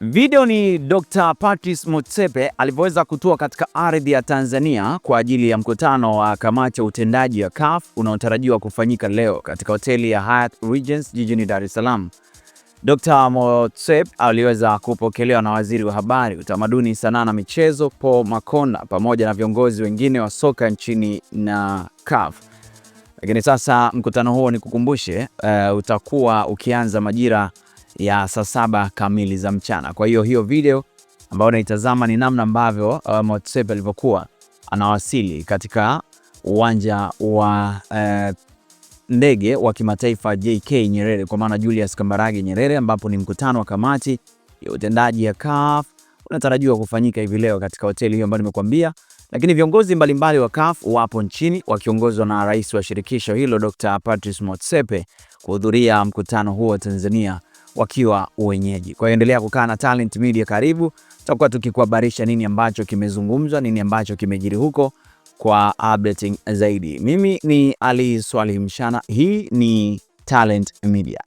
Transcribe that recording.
Video ni Dr. Patrice Motsepe alivyoweza kutua katika ardhi ya Tanzania kwa ajili ya mkutano wa kamati ya utendaji ya CAF unaotarajiwa kufanyika leo katika hoteli ya Hyatt Regency jijini Dar es Salaam. Dr. Motsepe aliweza kupokelewa na Waziri wa Habari, Utamaduni, Sanaa na Michezo Paul Makonda pamoja na viongozi wengine wa soka nchini na CAF. Lakini sasa mkutano huo ni kukumbushe, uh, eh, utakuwa ukianza majira ya saa saba kamili za mchana. Kwa hiyo hiyo video ambayo unaitazama ni namna ambavyo uh, Motsepe alivyokuwa anawasili katika uwanja wa uh, ndege wa kimataifa JK Nyerere kwa maana Julius Kambarage Nyerere, ambapo ni mkutano wa kamati ya utendaji ya CAF unatarajiwa kufanyika hivi leo katika hoteli hiyo ambayo nimekuambia, lakini viongozi mbalimbali wa CAF wapo nchini wakiongozwa na rais wa shirikisho hilo Dr. Patrice Motsepe kuhudhuria mkutano huo wa Tanzania wakiwa wenyeji. Kwa hiyo endelea kukaa na Talent Media, karibu tutakuwa tukikuhabarisha nini ambacho kimezungumzwa, nini ambacho kimejiri huko kwa updating zaidi. Mimi ni Ali Swalih hii ni Talent Media.